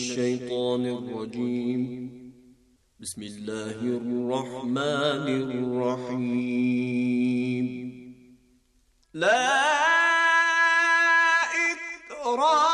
الشيطان الرجيم بسم الله الرحمن الرحيم لا إكراه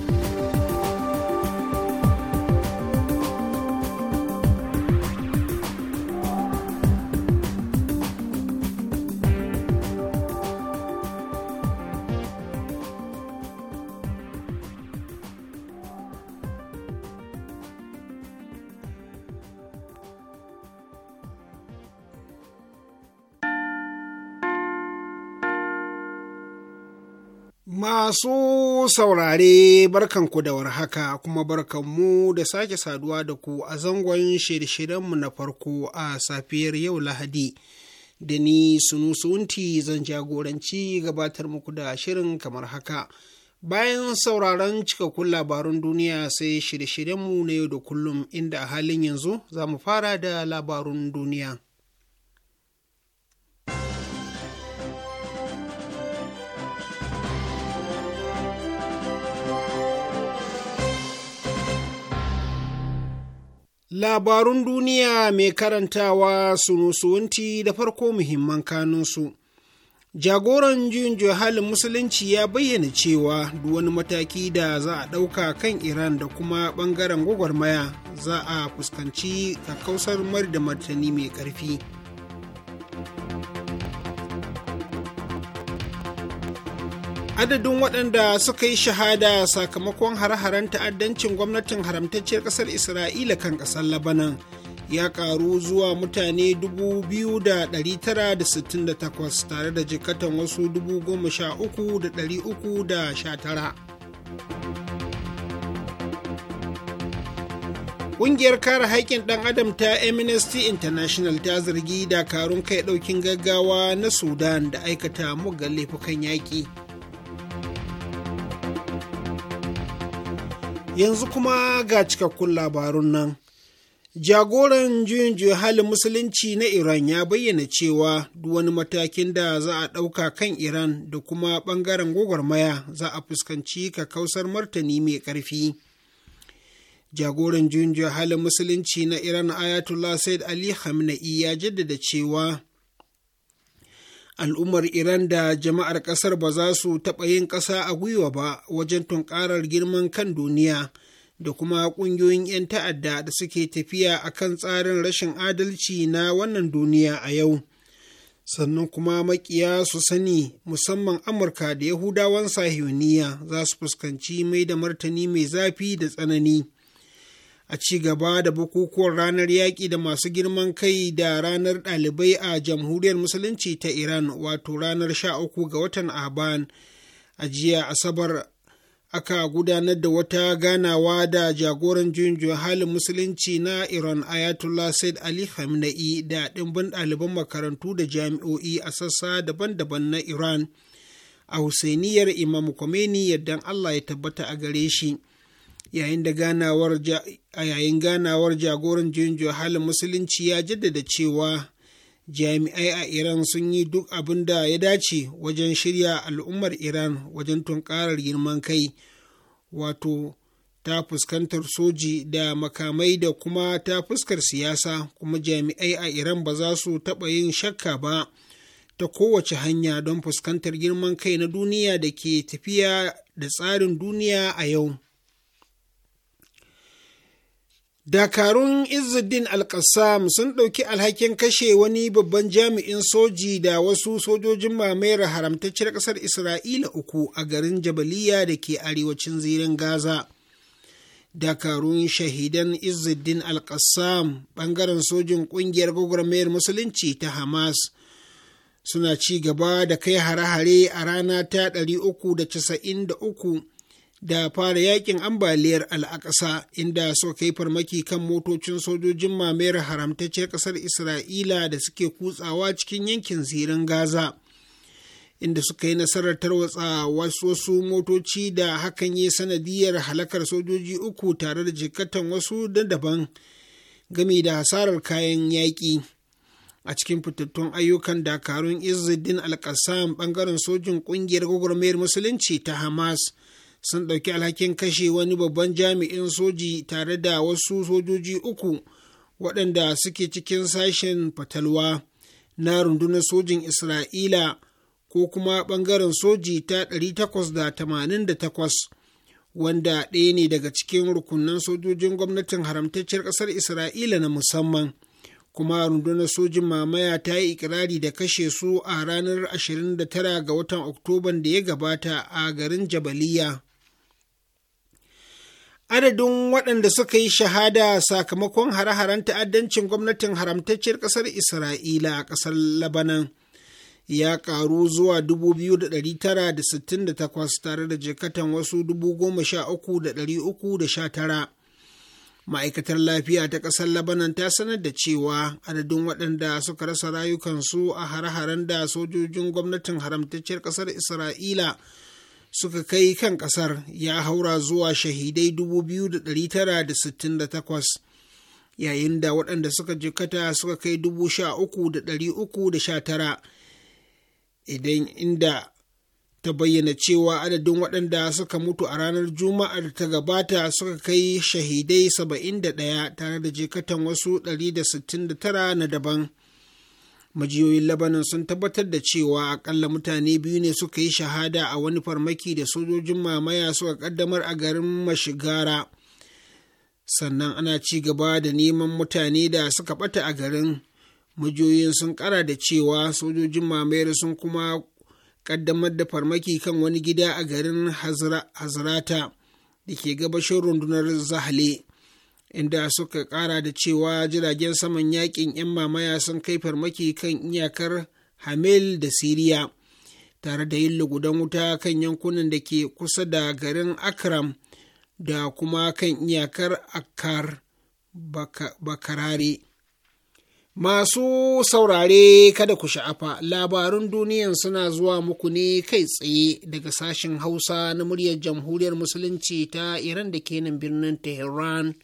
Masu saurare barkanku da warhaka kuma barkanmu da sake saduwa da ku a zangon shirye-shiryenmu na farko a safiyar yau Lahadi. Da ni sunusunti zan jagoranci gabatar muku da shirin kamar haka. Bayan sauraron cikakkun labarun duniya sai shirye-shiryenmu na yau da kullum inda a halin yanzu za mu fara da labarun duniya. Labarun duniya mai karantawa Musuwanti da farko muhimman kanunsu. Jagoran juyin halin musulunci ya bayyana cewa duk wani mataki da za a ɗauka kan Iran da kuma ɓangaren gwagwarmaya za a fuskanci kakkausar mar da martani mai ƙarfi. adadin waɗanda suka yi shahada sakamakon hare-haren ta'addancin gwamnatin haramtacciyar ƙasar isra'ila kan ƙasar labanan ya ƙaru zuwa mutane 2,968 tare da jikatan wasu 13,319 Ƙungiyar kare haƙƙin ɗan adam ta Amnesty International ta zargi dakarun kai ɗaukin gaggawa na Sudan da aikata mugan laifukan yaƙi. yanzu kuma ga cikakkun labarun nan jagoran juyin juya halin musulunci na iran ya bayyana cewa duk wani matakin da za a ɗauka kan iran da kuma ɓangaren gwagwarmaya za a fuskanci ka kausar martani mai ƙarfi jagoran juyin juya halin musulunci na iran ayatollah said ali hamna'i ya jaddada cewa al'ummar iran da jama'ar ƙasar ba za su taɓa yin ƙasa a gwiwa ba wajen tunkarar girman kan duniya da kuma ƙungiyoyin 'yan ta'adda da suke tafiya a kan tsarin rashin adalci na wannan duniya a yau sannan kuma makiya su sani musamman amurka da yahudawan sahiyoniya za su fuskanci mai da martani mai zafi da tsanani. a ci gaba da bukukuwan ranar yaƙi da masu girman kai da ranar ɗalibai a jamhuriyar musulunci ta iran wato ranar sha uku ga watan aban a jiya asabar aka gudanar da wata ganawa da jagoran juyin halin musulunci na iran ayatollah said ali khamenei da ɗimbin ɗaliban makarantu da jami'o'i a sassa daban-daban na iran a husainiyar imam khomeini yadda allah ya tabbata a gare shi yayin ganawar jagoran juyin halin musulunci ya jaddada cewa jami'ai a iran sun yi duk abin da ya dace wajen shirya al'ummar iran wajen tunkarar girman kai wato ta fuskantar soji da makamai da kuma ta fuskar siyasa kuma jami'ai a iran ba za su taɓa yin shakka ba ta kowace hanya don fuskantar girman kai na duniya da ke tafiya da tsarin duniya a yau Dakarun Izzuddin Alkassam sun ɗauki alhakin kashe wani babban jami'in soji da wasu sojojin mamayar haramtacciyar ƙasar Isra'ila uku a garin Jabaliya da ke arewacin zirin Gaza. Dakarun shahidan Izzuddin Alkassam ɓangaren sojin ƙungiyar gwagwarmayar Musulunci ta Hamas suna ci gaba da kai hare-hare a rana ta 393 da fara yakin ambaliyar al'aƙasa inda suka kai farmaki kan motocin sojojin mamayar haramtacciyar ƙasar isra'ila da suke kutsawa cikin yankin zirin gaza inda suka yi nasarar tarwatsa wasu motoci da hakan yi sanadiyar halakar sojoji uku tare da jikatan wasu da daban gami da hasarar kayan yaƙi a cikin fitattun ayyukan dakarun izidin alƙasam ɓangaren sojin ƙungiyar gwagwarmayar musulunci ta hamas sun ɗauki alhakin kashe wani babban jami'in soji tare da wasu sojoji uku waɗanda suke cikin sashen fatalwa na rundunar sojin isra'ila ko kuma ɓangaren soji ta 888 wanda ɗaya ne daga cikin rukunan sojojin gwamnatin haramtacciyar ƙasar isra'ila na musamman kuma rundunar sojin mamaya ta yi ikirari da kashe su a ranar 29 ga watan oktoban da ya gabata a garin jabaliya adadin waɗanda suka yi shahada sakamakon hare-haren ta'addancin gwamnatin haramtacciyar ƙasar isra'ila a ƙasar labanan ya ƙaru zuwa 2,968 tare da jikatan wasu 13,319 ma'aikatar lafiya ta ƙasar labanan ta sanar da cewa adadin waɗanda suka rasa rayukansu a hare-haren da sojojin gwamnatin haramtacciyar ƙasar isra'ila suka kai kan ƙasar ya haura zuwa shahidai 2,968 yayin da waɗanda suka jikata suka kai 13,319 idan inda ta bayyana cewa adadin waɗanda suka mutu a ranar juma'ar ta gabata suka kai shahidai 71 tare da jikatan wasu 169 na daban majiyoyin labanin sun tabbatar da cewa akalla mutane biyu ne suka yi shahada a wani farmaki da sojojin mamaya suka kaddamar a garin mashigara sannan ana ci gaba da neman mutane da suka bata a garin majiyoyin sun kara da cewa sojojin mamayar sun kuma kaddamar da farmaki kan wani gida a garin hazrata da ke gabashin rundunar zahle inda suka ƙara da cewa jiragen saman yakin 'yan mamaya sun kai farmaki kan iyakar hamil da siriya tare da yin lugudan wuta kan yankunan da ke kusa da garin akram da kuma kan iyakar akar bakarare masu saurare kada ku sha'afa labarun duniyan suna zuwa muku ne kai tsaye daga sashen hausa na muryar jamhuriyar musulunci ta iran da ke nan birnin tehran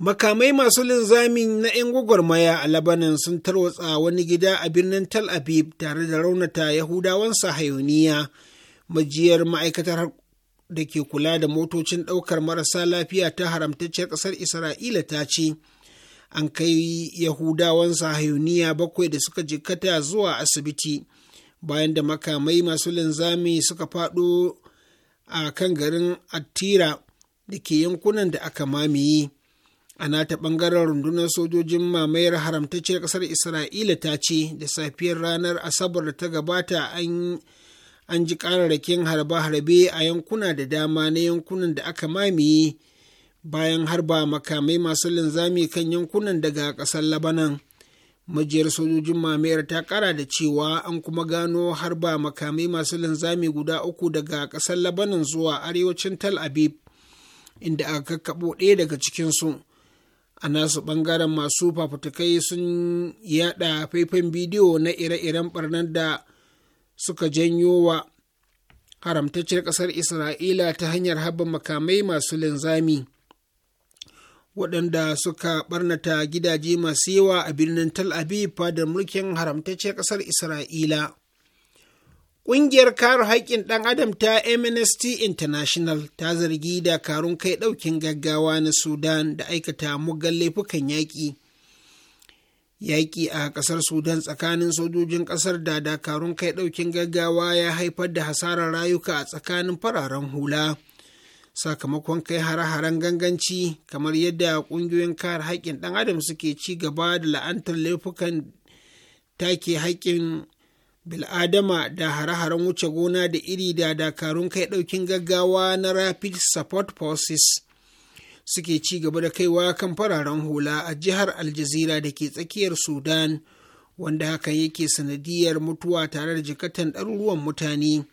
Makamai masu linzamin na 'yan gwagwarmaya a Labanan sun tarwatsa wani gida a birnin Tel Aviv tare da raunata Yahudawan Sahayoniya, majiyar ma'aikatar da ke kula da motocin ɗaukar marasa lafiya ta haramtacciyar ƙasar Isra'ila ta ce, an kai Yahudawan Sahayoniya bakwai da suka jikkata zuwa asibiti, bayan da makamai masu linzami suka faɗo a kan garin Attira da ke yankunan da aka mamaye. a nata ɓangaren rundunar sojojin mamayar haramtacciyar ƙasar isra'ila ta ce da safiyar ranar asabar da ta gabata an ji kararrakin harbe-harbe a yankuna da dama na yankunan da aka mamaye bayan harba makamai masu linzami kan yankunan daga kasar labanan majiyar sojojin mamayar ta kara da cewa an kuma gano harba makamai masu linzami guda uku daga ƙasar labanan zuwa arewacin tal abib inda aka kakkaɓo ɗaya daga cikinsu a nasu ɓangaren masu fafutukai sun yada faifan bidiyo na ire-iren barnar da suka janyo wa haramtacciyar ƙasar isra'ila ta hanyar haɓa makamai masu linzami waɗanda suka ɓarnata gidaje masu yawa a birnin Tal Aviv fadar mulkin haramtacciyar ƙasar Isra'ila. Ƙungiyar kare haƙƙin ɗan adam ta Amnesty International ta zargi dakarun kai ɗaukin gaggawa na Sudan da aikata muggan laifukan yaƙi. Yaƙi a ƙasar Sudan tsakanin sojojin ƙasar da dakarun kai ɗaukin gaggawa ya haifar da hasarar rayuka a tsakanin fararen hula. Sakamakon kai hare-haren ganganci kamar yadda ƙungiyoyin kare haƙƙin ɗan adam suke ci gaba da la'antar laifukan take haƙƙin bil'adama da hare-haren wuce gona da iri da dakarun kai ɗaukin gaggawa na rapid support forces suke ci gaba da kaiwa kan fararen hula a jihar aljazira da ke tsakiyar sudan wanda hakan yake sanadiyar mutuwa tare da jikatan ɗaruruwan mutane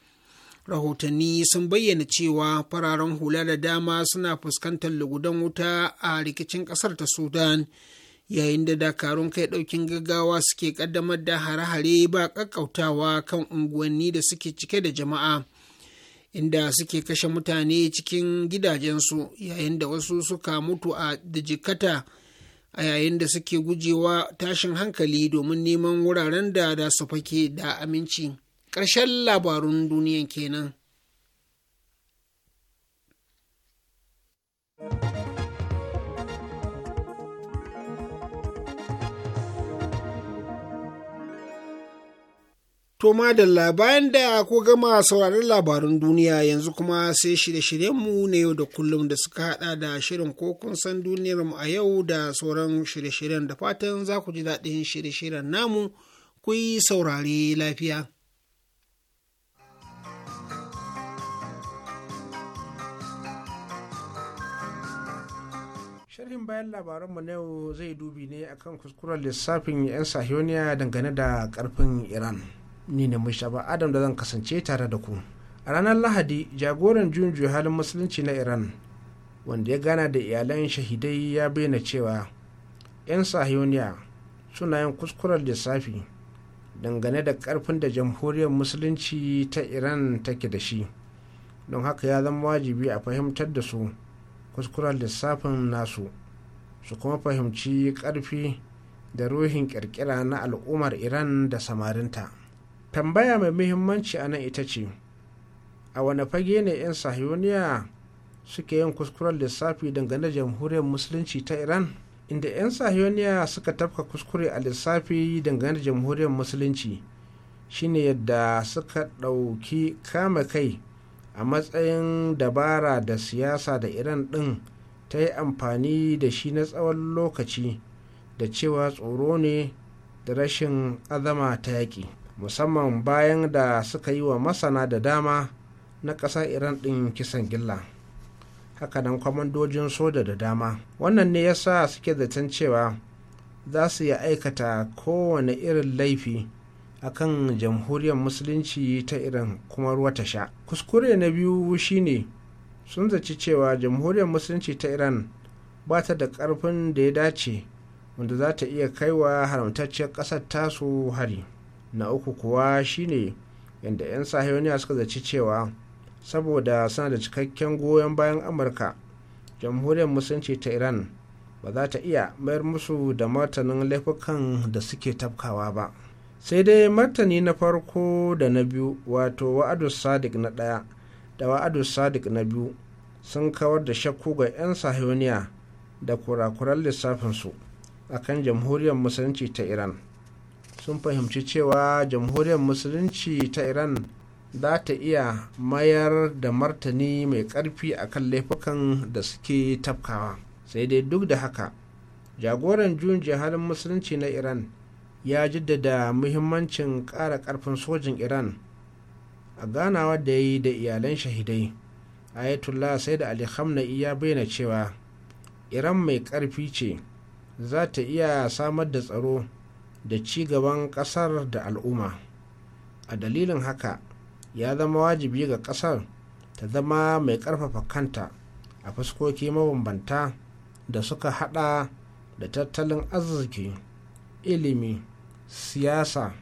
rahotanni sun bayyana cewa fararen hula da dama suna fuskantar lugudan wuta a rikicin ƙasar ta sudan yayin da dakarun kai ɗaukin gaggawa suke ƙaddamar da hare-hare ba ƙaƙƙautawa kan unguwanni da suke cike da jama'a inda suke kashe mutane cikin gidajensu yayin da wasu suka mutu a da jikata a yayin da suke gujewa tashin hankali domin neman wuraren da da su fake da aminci ƙarshen labarun duniyan kenan. To madalla bayan da ko gama sauraron labarun duniya yanzu kuma sai shirye-shiryenmu na yau da kullum da suka hada da shirin ko kun san duniyarmu a yau da sauran shirye-shiryen da fatan za ku ji daɗin shirye-shiryen namu ku yi saurare lafiya. sharhin bayan labaranmu na yau zai dubi ne akan kuskuren lissafin 'yan sahiyoniya dangane da karfin iran ni ne mai mushaba adam da zan kasance tare da ku a ranar lahadi jagoran juyin halin musulunci na iran wanda ya gana da iyalan shahidai ya bayyana cewa 'yan sahiyoniya suna yin kuskuren lissafi dangane da karfin da jamhuriyar musulunci ta iran take da shi don haka ya zama wajibi a fahimtar da su kuskuren lissafin nasu su kuma fahimci karfi da ruhin kirkira na al'ummar iran da samarinta. tambaya mai muhimmanci a nan ita ce a wane fage ne 'yan sahiyoniya suke yin kuskuren lissafi dangane jamhuriyar musulunci ta iran inda 'yan sahiyoniya suka tafka kuskure a lissafi dangane jamhuriyar musulunci shine yadda suka ɗauki kama kai a matsayin dabara da siyasa da iran ɗin ta yi amfani da shi na tsawon lokaci da cewa tsoro ne da rashin azama ta yaƙi musamman bayan da suka yi wa masana da dama na ƙasa iran ɗin kisan gilla hakanan kwamandojin soja da dama wannan ne yasa suke zaton cewa za su yi aikata kowane irin laifi a kan jamhuriyar musulunci ta iran kuma ruwa ta sha kuskure na biyu shine sun zaci cewa jamhuriyar musulunci ta iran ba ta da ƙarfin da ya dace wanda za ta iya kaiwa haramtacciyar ƙasar tasu hari na uku kuwa shine inda 'yan sahiyoniya suka zaci cewa saboda suna da cikakken goyon bayan amurka jamhuriyar musulunci ta iran ba za ta iya mayar musu da martanin laifukan da suke tafkawa ba sai dai martani na farko da na biyu wato wa'adu sadiq na ɗaya da wa'adu sadiq na biyu sun kawar da shakku ga 'yan sahiyoniya da kurakuran lissafinsu a kan jamhuriyar musulunci ta iran sun fahimci cewa jamhuriyar musulunci ta iran za ta iya mayar da martani mai karfi akan laifukan da suke tafkawa sai dai duk da haka jagoran juyin jihalin musulunci na iran ya jaddada muhimmancin ƙara ƙarfin sojin iran a ganawa da ya yi da iyalan shahidai ayatollah sai da ali Khamnai ya bayyana cewa iran mai ƙarfi ce za ta iya samar da tsaro da ci gaban ƙasar da al'umma a dalilin haka ya zama wajibi ga ƙasar ta zama mai ƙarfafa kanta a fuskoki mabambanta da suka hada da tattalin arziki ilimi siyasa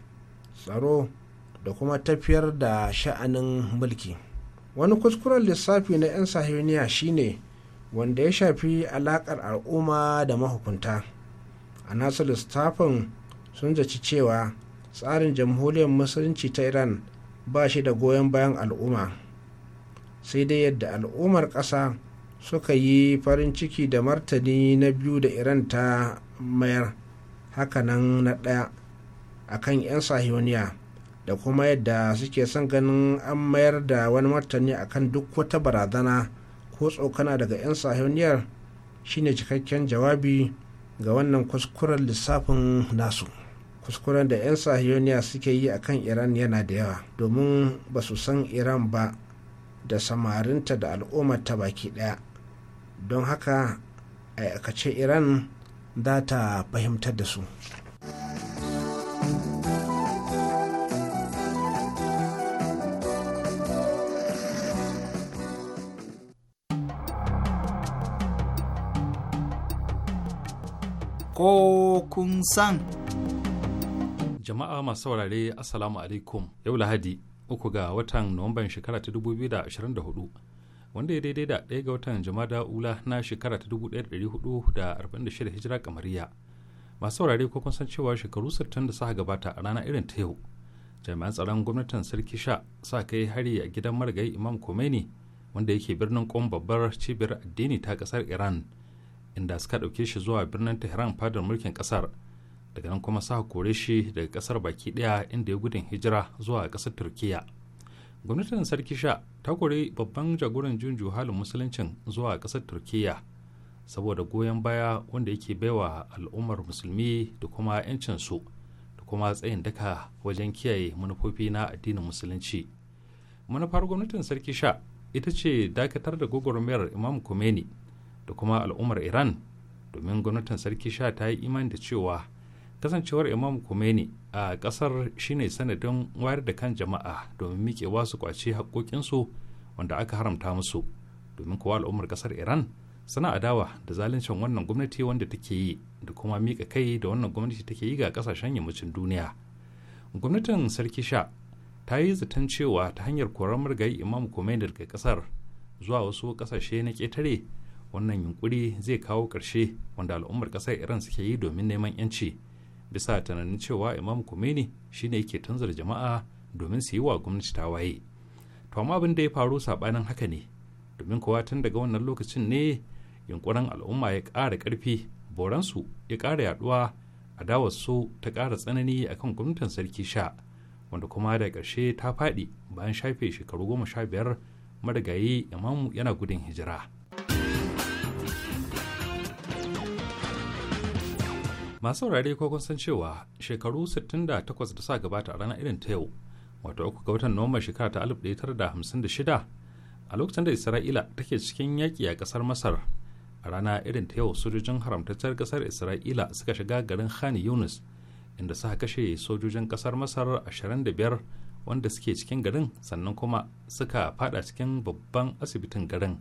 tsaro da kuma tafiyar da sha'anin mulki wani kuskuren lissafi na 'yan sahiniya shine wanda ya shafi alakar al'umma da mahukunta a nasu lissafin sun zaci cewa tsarin jamhuriyar musulunci ta iran ba shi da goyon bayan al'umma sai dai yadda al'ummar ƙasa suka yi farin ciki da martani na biyu da iran ta mayar hakanan na ɗaya a kan 'yan sahiyoniya da kuma yadda suke son ganin an mayar da wani martani a kan duk wata barazana ko tsokana daga 'yan sahiyoniyar shine cikakken jawabi ga wannan kuskuren lissafin nasu. kuskuren da 'yan sahiyoniya suke yi a kan iran yana da yawa domin ba su san iran ba da samarinta da al'ummar ta baki daya don haka aikace iran za ta fahimtar da su ko kun san Jama'a masu saurare Assalamu alaikum yau Lahadi uku ga watan Nuwamban shekara ta 2024 wanda ya daidai da daya ga watan Jama'a ula na shekara ta 1446 hijira kamariya. Masu saurare ko san cewa shekaru 60 da suka gabata a rana irin ta yau. Jami'an tsaron gwamnatin Sarki Sha sa kai hari a gidan marigayi Imam komeni wanda yake birnin Qom babbar cibiyar addini ta kasar Iran inda suka ɗauke shi zuwa birnin Tehran fadar mulkin kasar. daga nan kuma sa kore shi daga kasar baki daya inda ya gudun hijira zuwa kasar turkiya gwamnatin sarki sha ta kore babban jagoran junju halin musuluncin zuwa kasar turkiya saboda goyon baya wanda yake baiwa al'ummar musulmi da kuma 'yancin su da kuma tsayin daka wajen kiyaye manufofi na addinin musulunci manufar gwamnatin sarki sha ita ce dakatar da gwagwarmayar imam kumeni da kuma al'ummar iran domin gwamnatin sarki sha ta yi imani da cewa kasancewar imam kumeni a kasar shine sanadin wayar da kan jama'a domin miƙewa su kwace haƙoƙinsu wanda aka haramta musu domin kowa al'ummar kasar iran suna adawa da zaluncin wannan gwamnati wanda take yi da kuma mika kai da wannan gwamnati take yi ga kasashen yammacin duniya gwamnatin sarki sha ta yi zaton cewa ta hanyar koran murgayi imam kumeni daga kasar zuwa wasu kasashe na ƙetare wannan yunkuri zai kawo ƙarshe wanda al'ummar kasar iran suke yi domin neman 'yanci bisa tunanin cewa imam kumeni shine yake tanzar jama'a domin su yi wa gwamnati ta waye to amma abin da ya faru sabanin haka ne domin kowa tun daga wannan lokacin ne yunkurin al'umma ya ƙara ƙarfi boransu ya ƙara yaduwa su ta ƙara tsanani akan gwamnatin sarki sha wanda kuma da ƙarshe ta faɗi bayan shafe shekaru goma sha biyar marigayi imamu yana gudun hijira masu saurare ko kun san cewa shekaru 68 da sa gabata a ranar irin ta yau wato uku ga watan nomar shekara ta 1956 a lokacin da isra'ila take cikin yaƙi a ƙasar masar a rana irin ta yau sojojin haramtaccen ƙasar isra'ila suka shiga garin khan yunus inda suka kashe sojojin ƙasar masar 25 wanda suke cikin garin sannan kuma suka fada cikin babban asibitin garin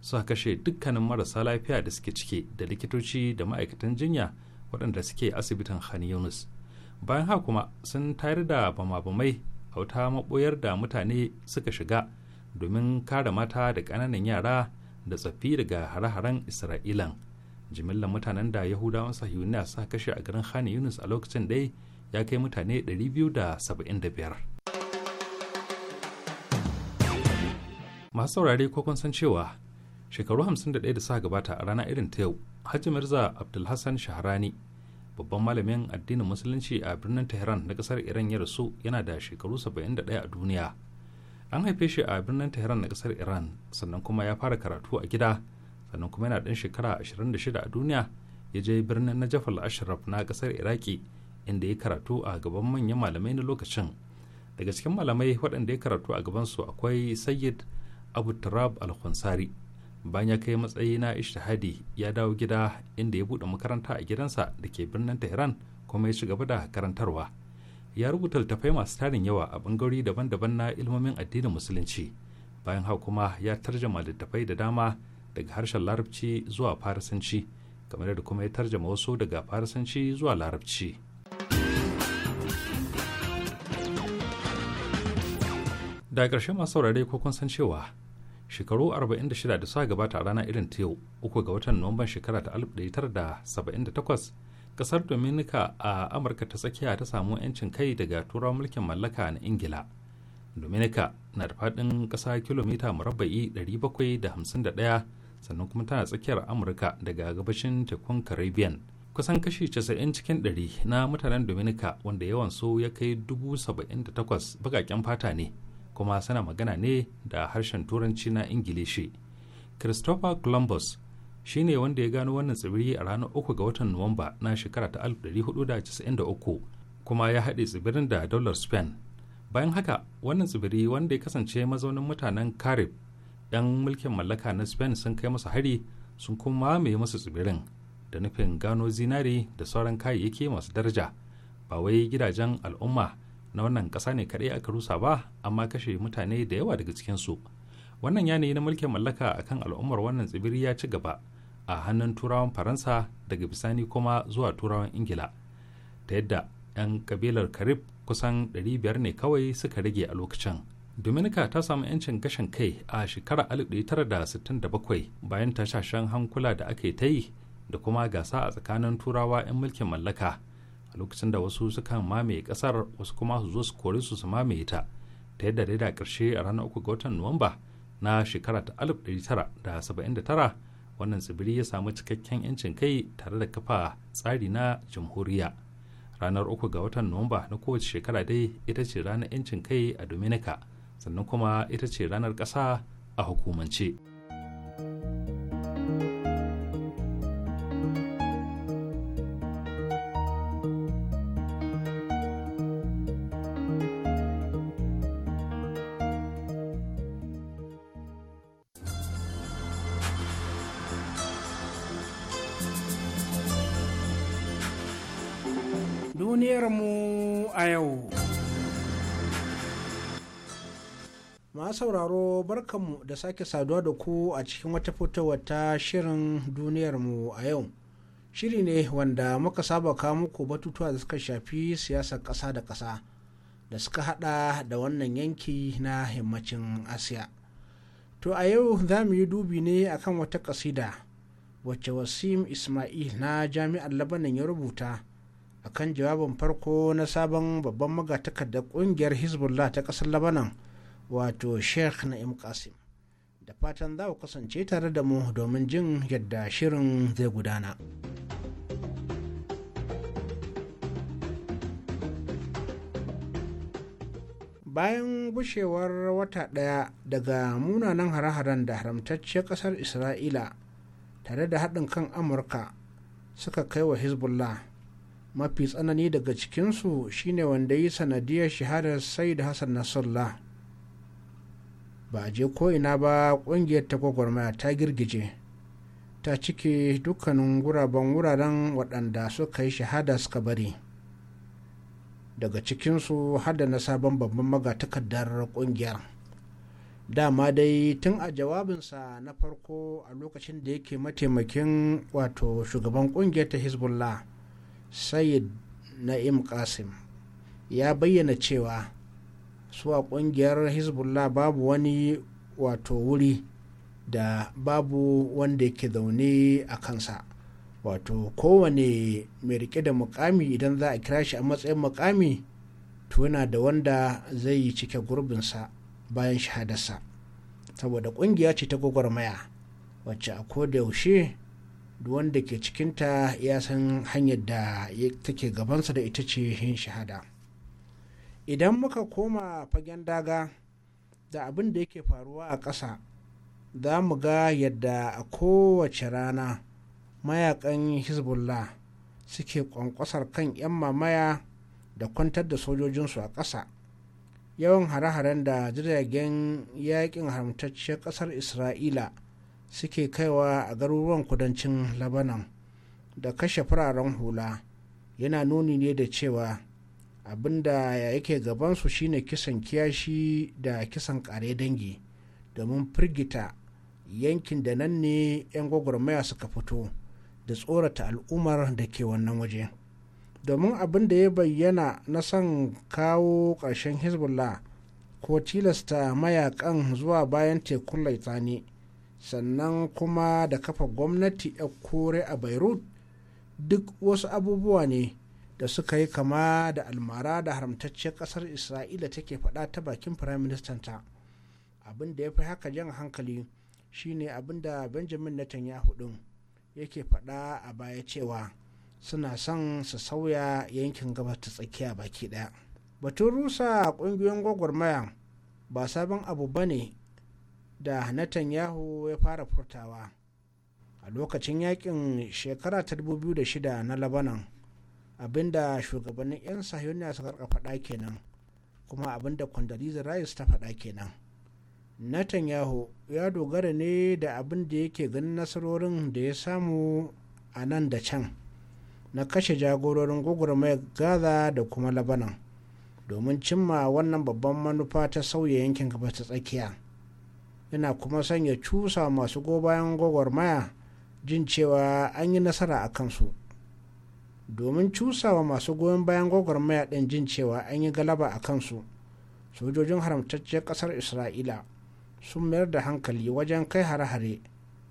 suka kashe dukkanin marasa lafiya da suke cike da likitoci da ma'aikatan jinya waɗanda suke asibitin Khan Yunus. Bayan haka kuma sun tayar da bama-bamai a wata maɓoyar da mutane suka shiga domin kare mata da ƙananan yara da tsaffi daga hare-haren Isra'ilan. Jimillar mutanen da Yahudawan Sahiyuniya suka kashe a garin Khan Yunus a lokacin dai ya kai mutane 275. masu saurari ko kun san cewa shekaru 51 da suka gabata a rana irin ta yau hajji mirza abdulhassan shahrani babban malamin addinin musulunci a birnin tehran na kasar iran ya rasu yana da shekaru 71 a duniya an haife shi a birnin tehran na kasar iran sannan kuma ya fara karatu a gida sannan kuma yana ɗan shekara 26 a duniya ya je birnin najaf al-ashraf na kasar iraki inda ya karatu a gaban manyan malamai na lokacin daga cikin malamai waɗanda ya karatu a gabansu akwai sayyid abu turab al-khunsari bayan ya kai matsayi na ishtihadi ya dawo gida inda ya buɗe makaranta a gidansa da ke birnin tehran kuma ya ci gaba da karantarwa ya rubuta littattafai masu tarin yawa a bangarori daban-daban na ilmomin addinin musulunci bayan haka kuma ya tarjama littattafai da dama daga harshen larabci zuwa farisanci kamar da kuma ya tarjama wasu daga farisanci zuwa larabci da ƙarshe masu saurare ko kun san cewa shekaru 46 da suka gabata a rana irin ta yau uku ga watan nuwamban shekara ta 1978 kasar dominica a amurka ta tsakiya ta samu 'yancin kai daga turawa mulkin mallaka na ingila dominica na da fadin kasa kilomita murabba'i 751 sannan kuma tana tsakiyar amurka daga gabashin tekun caribbean kusan kashi 90 cikin 100 na mutanen dominica wanda yawan su ya kai 78 bakaken fata ne kuma suna magana ne da harshen turanci na ingilishi christopher columbus shi ne wanda ya gano wannan tsibiri a ranar 3 ga watan nuwamba na shekara ta 1493 kuma ya haɗe tsibirin da dollar spain bayan haka wannan tsibiri wanda ya kasance mazaunin mutanen carib 'yan mulkin mallaka na spain sun kai masa hari sun kuma mamaye masa tsibirin da nufin gano zinari da sauran kayayyaki masu daraja ba wai gidajen al'umma na wannan ƙasa ne kaɗai aka rusa ba amma kashe mutane da yawa daga cikinsu wannan yanayi na mulkin mallaka akan al'ummar wannan tsibiri ya ci gaba a hannun turawan faransa daga bisani kuma zuwa turawan ingila ta yadda 'yan kabilar karib kusan 500 ne kawai suka rage a lokacin dominica ta samu 'yancin gashin kai a shekarar 1967 bayan tashashen hankula da ake ta yi da kuma gasa a tsakanin turawa 'yan mulkin mallaka lokacin da wasu sukan mamaye kasar wasu kuma su zo su kore su su mamaye ta ta yadda dai da karshe a ranar uku ga watan nuwamba na shekara ta 1979 wannan tsibiri ya samu cikakken 'yancin kai tare da kafa tsari na jamhuriya ranar uku ga watan nuwamba na kowace shekara dai ita ce ranar 'yancin kai a dominica sannan kuma ita ce ranar ƙasa a hukumance. ma sauraro barkanmu da sake saduwa da ku a cikin wata fitowa ta shirin duniyarmu a yau shiri ne wanda muka saba kawo muku batutuwa da suka shafi siyasar ƙasa da ƙasa da suka hada da wannan yanki na himmacin asiya to a yau za mu yi dubi ne akan wata ƙasida wacce wasim ismail na jami'ar labanan ya rubuta akan jawabin farko na sabon babban magatakardar ƙungiyar hezbollah ta ƙasar labanan wato sheikh na'im qasim da fatan za ku kasance tare da mu domin jin yadda shirin zai gudana. bayan bushewar wata ɗaya daga munanan hare-haren da haramtacciyar ƙasar isra'ila tare da haɗin kan amurka suka kai wa hezbollah mafi tsanani daga cikinsu shine wanda yi sanadiyar shahadar said hassan nasrallah ba a je ko'ina ba kungiyar ta gwagwarmaya ta girgije ta cike dukkanin guraben wuraren waɗanda suka yi shahada suka bari daga cikinsu hada na sabon babban magatakardar kungiyar dama dai tun a jawabinsa na farko a lokacin da yake mataimakin wato shugaban kungiyar ta hezbollah sayyid na'im qasim ya bayyana cewa su a kungiyar hezbollah babu wani wato wuri da babu wanda ke zaune a kansa wato kowane mai rike da mukami idan za a kira shi a matsayin mukami to yana da wanda zai yi cike gurbinsa bayan shahadarsa saboda kungiya ce ta gwagwarmaya wacce a koda yaushe wanda ke cikinta ya san hanyar da take gabansa da ita ce yin shahada. idan muka koma fagen daga da abin da yake faruwa a ƙasa za mu ga yadda a kowace rana mayakan hezbollah suke ƙwanƙwasar kan 'yan mamaya da kwantar da sojojinsu a ƙasa yawan hare-haren da jiragen yaƙin haramtaccen ƙasar isra'ila suke kaiwa a garuruwan kudancin labanan da kashe fararen hula yana nuni ne da cewa Abin abinda yake gabansu shine kisan kiyashi da kisan kare dangi domin firgita yankin da nan ne 'yan gwagwarmaya suka fito da tsorata al'ummar da ke wannan waje domin abin da ya bayyana na son kawo ƙarshen hezbollah ko tilasta mayakan zuwa bayan tekun laitani sannan kuma da kafa gwamnati ya kore a beirut duk wasu abubuwa ne da suka yi kama da almara da haramtacciyar kasar isra'ila take faɗa ta bakin firaministanta abin da ya fi haka jan hankali shine abin da benjamin netanyahu ɗin yake faɗa a baya cewa suna son su sauya yankin gabas ta tsakiya baki ɗaya batun rusa ƙungiyoyin gwagwarmaya ba sabon abu ba ne da netanyahu ya fara furtawa a lokacin yakin shekara ta 2006 na labanan abinda shugabannin 'yan sahiyoniya suka karka faɗa kenan kuma abinda kwandaliza rice ta faɗa kenan netanyahu ya dogara ne da abin da yake ganin nasarorin da ya samu a nan da can na kashe jagororin gwagwarmayar gaza da kuma labanan domin cimma wannan babban manufa ta sauya yankin gaba ta tsakiya yana kuma sanya cusa masu go bayan gwagwarmaya jin cewa an yi nasara a kansu domin cusawa masu goyon bayan gwagwarmaya ɗin jin cewa an yi galaba a kansu sojojin haramtacciyar ƙasar isra'ila sun mayar da hankali wajen kai hare-hare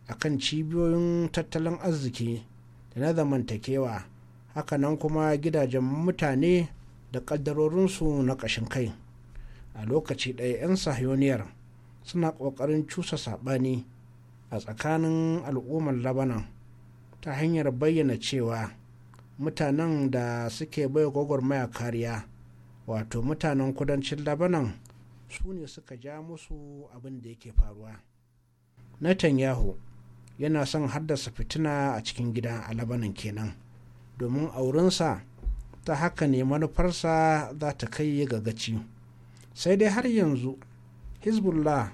a kan cibiyoyin tattalin arziki da na zamantakewa nan kuma gidajen mutane da ƙaddarorinsu na ƙashin kai a lokaci ɗaya 'yan sahiyoniyar suna ƙoƙarin cusa saɓani a tsakanin al'ummar labanan ta hanyar bayyana cewa mutanen da suke baiwa gwagwarmaya kariya wato mutanen kudancin labanan su ne suka ja musu abin da yake faruwa netanyahu yana son haddasa fitina a cikin gida a labanan kenan domin aurinsa ta haka ne manufarsa za ta kai ga gagaci. sai dai har yanzu hezbollah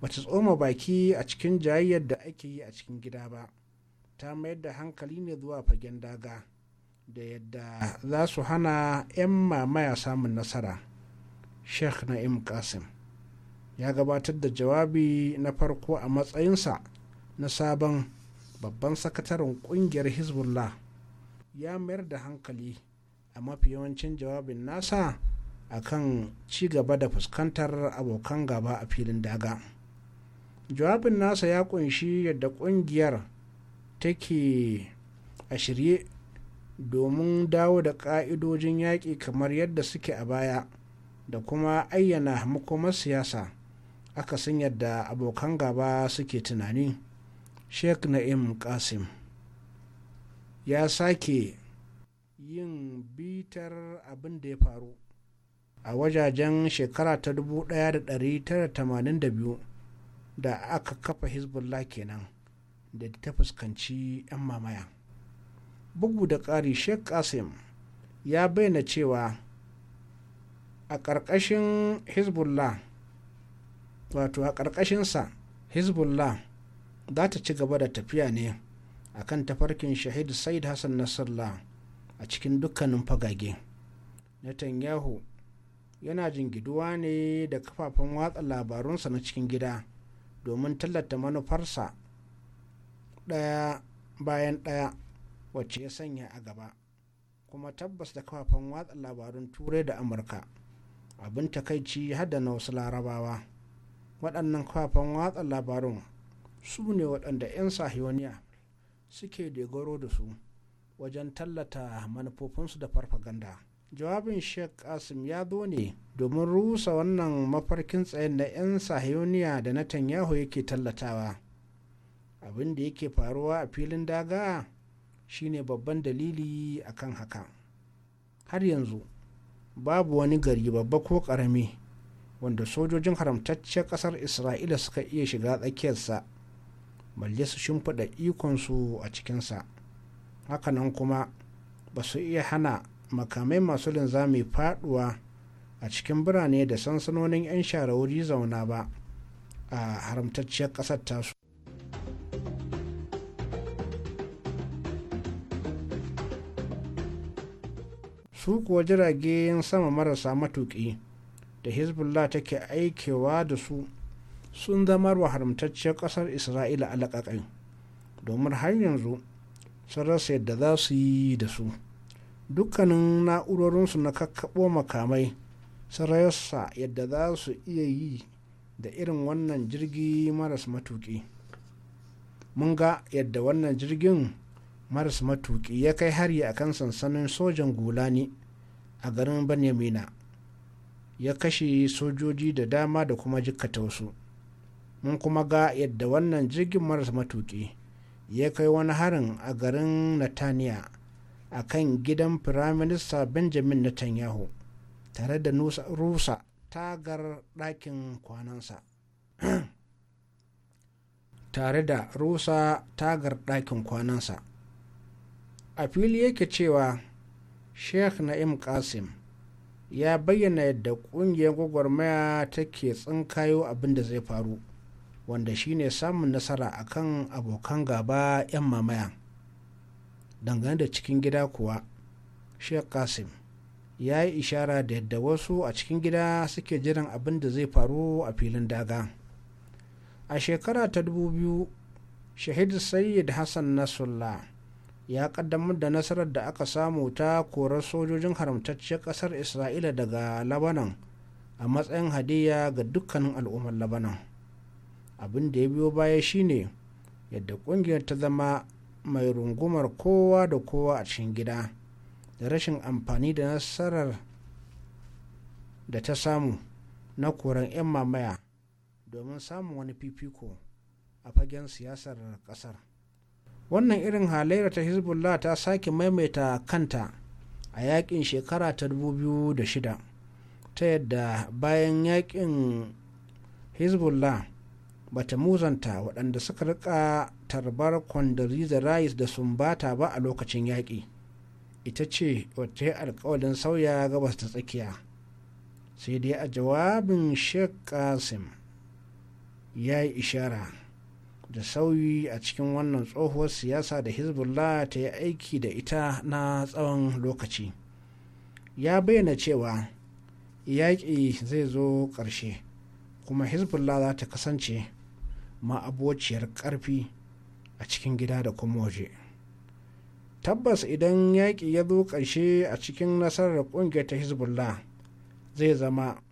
ba ta tsoma baki a cikin jayayyar da ake yi a cikin gida ba ta mayar da hankali ne zuwa fagen daga da yadda ah, za su hana 'yan mamaya samun nasara sheikh na'im kasim ya gabatar da jawabi na farko a matsayinsa na sabon babban sakataren kungiyar hezbollah ya mayar da hankali a mafi yawancin jawabin nasa akan ci gaba da fuskantar abokan gaba a filin daga jawabin nasa ya kunshi yadda kungiyar take a shirye domin dawo da ƙa'idojin yaƙi kamar yadda suke a baya da kuma ayyana makomar siyasa aka san yadda abokan gaba suke tunani sheikh na'im qasim ya sake yin bitar abin da ya faru a wajajen shekara ta 1982 da aka kafa hezbollah kenan da ta fuskanci 'yan mamaya bugu da ƙari sheikh kasim ya bayyana cewa a ƙarƙashin hezbollah wato a ƙarƙashinsa hezbollah za ta ci gaba da tafiya ne a kan tafarkin shahid said hassan nasrallah a cikin dukkanin fagage netanyahu yana jingiduwa ne da kafafen watsa labarunsa na cikin gida domin tallata manufarsa ɗaya bayan ɗaya wacce ya sanya a gaba kuma tabbas da kafafen watsa labarun turai da amurka abin takaici hada na wasu larabawa waɗannan kafafen watsa labarun su ne waɗanda 'yan sahiyoniya suke dogaro da su wajen tallata manufofinsu da farfaganda jawabin sheikh kasim ya zo ne domin rusa wannan mafarkin tsayin da 'yan sahiyoniya da na tanyahu yake tallatawa Abinda da yake faruwa a filin daga shine babban dalili a kan haka har yanzu babu wani gari babba ko ƙarami wanda sojojin haramtacciyar ƙasar isra'ila suka iya shiga tsakiyarsa balle su shimfiɗa ikonsu a cikinsa hakanan kuma ba su iya hana makamai masu linzami faɗuwa a cikin birane da sansanonin 'yan shara wuri zauna ba a haramtacciyar ƙasar tasu su kuwa jiragen sama marasa matuƙi da hezbollah take aikewa da su sun zama wa haramtacciyar ƙasar isra'ila alaƙaƙai domin har yanzu sun rasa yadda za su yi da su dukkanin na'urorinsu na kakkaɓo makamai sun rasa yadda za su iya yi da irin wannan jirgi maras matuƙi mun ga yadda wannan jirgin maras matuki ya kai hari a kan sansanin sojan gulani a garin benyamina ya kashe sojoji da dama da kuma jikata wasu mun kuma ga yadda wannan jirgin maras matuki ya kai wani harin a garin nataniya a kan gidan firaminista benjamin netanyahu tare da rusa tagar ɗakin kwanansa tare da rusa tagar ɗakin kwanansa a fili yake cewa sheikh na'im qasim ya bayyana yadda kungiyar gwagwarmaya take tsinkayo abin da zai faru wanda shine samun nasara akan abokan gaba 'yan mamaya dangane da cikin gida kuwa sheikh qasim ya yi ishara da yadda wasu a cikin gida suke jiran abin da zai faru a filin daga a shekara ta 2000 shahid sayyid hassan nasrullah ya kaddamar da nasarar da aka samu ta korar sojojin haramtacciyar kasar isra'ila daga labanan a matsayin hadiya ga dukkanin al'ummar labanan abin da ya biyo baya shine yadda kungiyar ta zama mai rungumar kowa da kowa a cikin gida da rashin amfani da nasarar da ta samu na koran 'yan mamaya domin samun wani fifiko a fagen siyasar kasar. wannan irin halayyar ta hezbollah ta sake maimaita kanta a yakin shekara ta 2006 ta yadda bayan yakin hezbollah bata muzanta waɗanda suka rika tarbar kwandariza rais da sumbata ba a lokacin yaƙi ita ce wata alkawalin sauya gabas ta tsakiya sai dai a jawabin sheikh kasim ya yi ishara da sauyi a cikin wannan tsohuwar siyasa da hezbollah ta yi aiki da ita na tsawon lokaci ya bayyana cewa yaƙi zai zo ƙarshe kuma hezbollah za ta kasance ma'abociyar ƙarfi a cikin gida da kuma waje tabbas idan yaƙi ya zo ƙarshe a cikin nasarar ƙungiyar ta hezbollah zai zama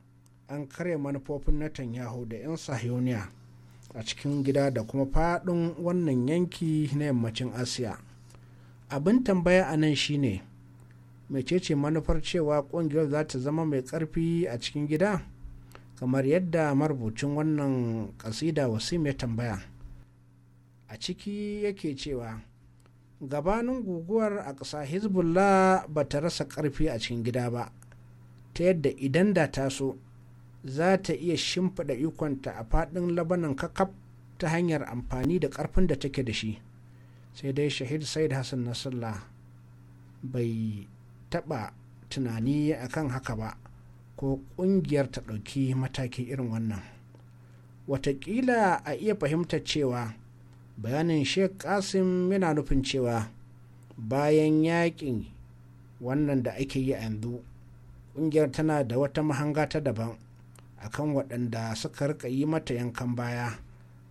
an karya manufofin Netanyahu da 'yan sahiyoniya a cikin gida da kuma faɗin wannan yanki na yammacin asiya abin tambaya a nan shine mecece manufar cewa ƙungiyar za ta zama mai ƙarfi a cikin gida kamar yadda marubucin wannan ƙasida wasim ya tambaya a ciki yake cewa gabanin guguwar a ƙasa hezbollah ba ta rasa ƙarfi a cikin gida ba ta yadda idan da taso za ta iya shimfiɗa ikonta a faɗin labanan kakaf ta hanyar amfani da ƙarfin da take da shi sai dai shahid said hassan nasrallah bai taɓa tunani a akan haka ba ko ƙungiyar ta ɗauki mataki irin wannan Wataƙila a iya fahimta cewa bayanin sheikh kasim yana nufin cewa bayan yakin wannan da ake yi a yanzu ƙungiyar tana da wata mahanga ta daban akan waɗanda suka rika yi mata yankan baya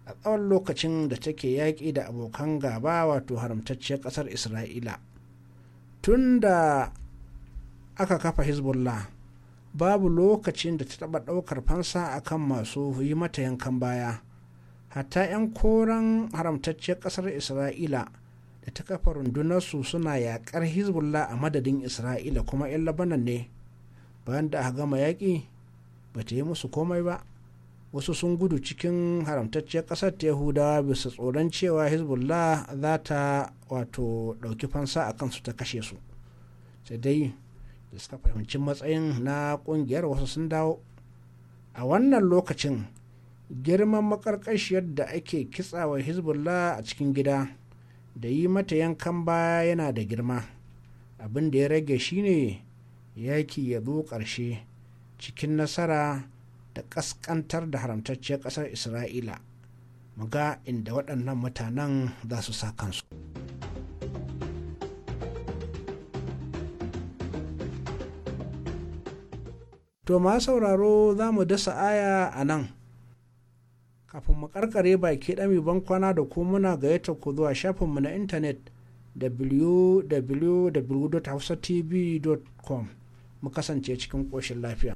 a tsawon lokacin da take yaƙi da abokan gaba wato haramtacciyar ƙasar isra'ila tun da aka kafa hezbollah babu lokacin da ta taɓa ɗaukar fansa akan masu yi mata yankan baya hatta 'yan koren haramtacciyar ƙasar isra'ila da ta kafa rundunarsu suna yaƙar hezbollah a madadin isra'ila kuma 'yan labanan ne bayan da aka gama yaƙi ba ta yi musu komai ba wasu sun gudu cikin haramtacciyar ƙasar ta yahudawa bisa tsoron cewa hezbollah za ta wato ɗauki fansa a kansu ta kashe su sai dai da suka fahimci matsayin na ƙungiyar wasu sun dawo a wannan lokacin girman makarkashiyar da ake kitsawa hezbollah a cikin gida da yi mata yankan baya yana da girma abin da ya rage shine yaki ya zo ƙarshe cikin nasara da ƙasƙantar da haramtacciyar ƙasar isra'ila mu ga inda waɗannan mutanen za su sa kansu to ma sauraro za mu dasa aya a nan kafin mu karkare baki ɗami ban kwana da ku muna gayyata ku zuwa shafinmu na intanet www.hausatv.com mu kasance cikin ƙoshin lafiya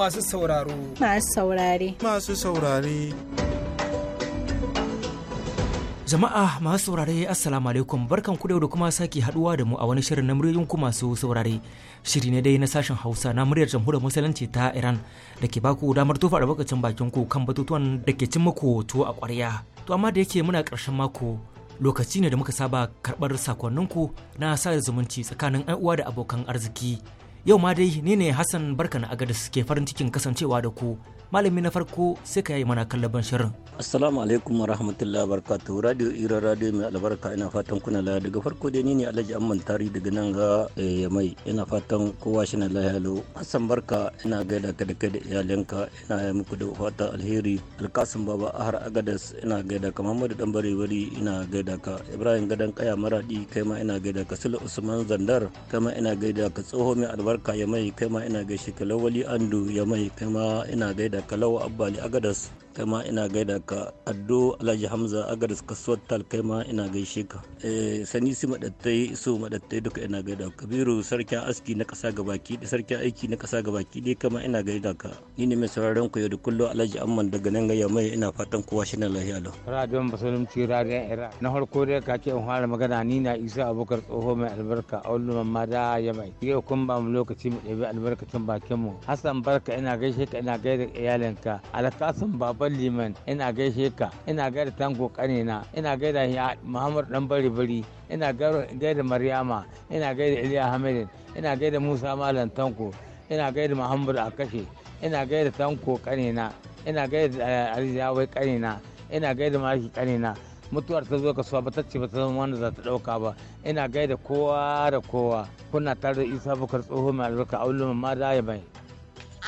masu sauraro. Masu saurare. Masu saurare. Jama'a masu saurare Assalamu alaikum barkan ku da kuma sake haduwa da mu a wani shirin na muryoyin ku masu saurare. Shiri ne dai na sashen Hausa na muryar Jamhuriyar Musulunci ta Iran da ke baku damar tofa bakacin bakin ku kan batutuwan da ke cin muku to a ƙwarya. To amma da yake muna ƙarshen mako lokaci ne da muka saba karɓar sakonninku na sada zumunci tsakanin 'yan uwa da abokan arziki. Yau ma dai ni ne Hassan Barka na Agadis ke farin cikin kasancewa da ku. Malami na farko sai ka yi mana kallaban shirin. Assalamu alaikum wa rahmatullahi wa barakatuh. Radio Ira Radio mai albarka ina fatan kuna laya daga farko dai ni ne Alhaji Amman Tari daga nan ga eh, mai ina fatan kowa shi na laya lo. Hassan Barka ina gaida ka da kai da iyalanka ina yi muku da fata alheri. Alkasim Baba Ahar Agadas ina gaida ka Muhammadu Dan Barewari ina gaida ka Ibrahim Gadan Kaya Maradi kai ma ina gaida ka sulu Usman Zandar kai ma ina gaida ka tsoho mai albarka barka ya mai kai ma ina gaishe kalawali andu ya mai kai ma ina gaida kalawa abbali agadas kaima ina gaida ka addo alhaji hamza agar kasuwar tal kaima ma ina gaishe ka eh, sanisi madattai su madattai duka ina gaida ka kabiru sarkin aski na kasa gabaki da sarkin aiki na kasa gabaki dai kama ina gaida ka ni ne mai sauraron ku yau da kullum alhaji amman daga nan gaya mai ina fatan kowa shi na lahiya lau. radiyon musulunci da iraq na farko dai ka ce in fara magana ni na isa abubakar tsoho mai albarka a wani mamma da ya mai yau kun ba mu lokaci mu ɗabi albarkacin mu hassan barka ina gaishe ka ina gaida iyalinka alkasan baba babban liman ina gaishe ka ina gaida tanko kanina ina gaida muhammad dan bari bari ina gaida maryama ina gaida iliya hamidin ina gaida musa malam tanko ina gaida muhammad akashi ina gaida tanko kanina ina gaida eh, wai kanina ina gaida mashi kanina mutuwar ta zo kasuwa ba ta ce ba ta zama wanda za ta ɗauka ba ina gaida kowa da kowa kuna tare da isa bukar tsoho mai albarka a ulumar ma da ya bai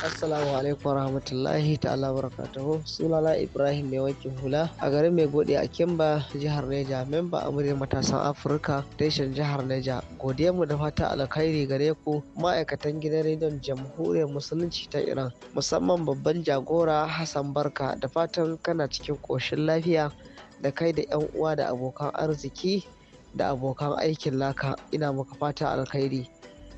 Assalamu alaikum warahmatullahi ta'ala barakatuhu. Sunana Ibrahim mai wankin hula a garin mai gode a Kimba jihar Neja memba amurin matasan Afirka tashin jihar Neja. Godiya mu da fata alkhairi gare ku ma'aikatan gidan rediyon jamhuriyar musulunci ta Iran musamman babban jagora Hassan Barka da fatan kana cikin koshin lafiya da kai da 'yan uwa da abokan arziki da abokan aikin laka ina maka fata alkhairi.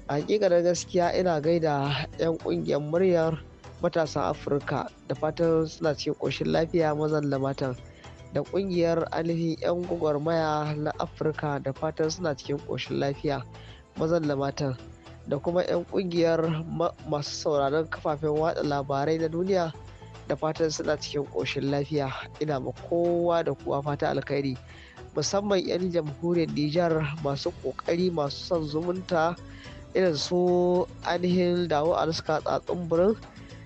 hakikanin gaskiya ina gaida 'yan kungiyar muryar matasan afirka da fatan suna cikin ƙoshin lafiya mazan da matan da kungiyar ainihin 'yan gwagwarmaya na afirka da fatan suna cikin ƙoshin lafiya mazan da matan da kuma 'yan kungiyar masu sauraron kafafen watsa labarai na duniya da fatan suna cikin ƙoshin lafiya ina ma kowa da kowa fata alkhairi musamman 'yan jamhuriyar nijar masu ƙoƙari masu son zumunta irin su ainihin dawo a aluska tsatsun burin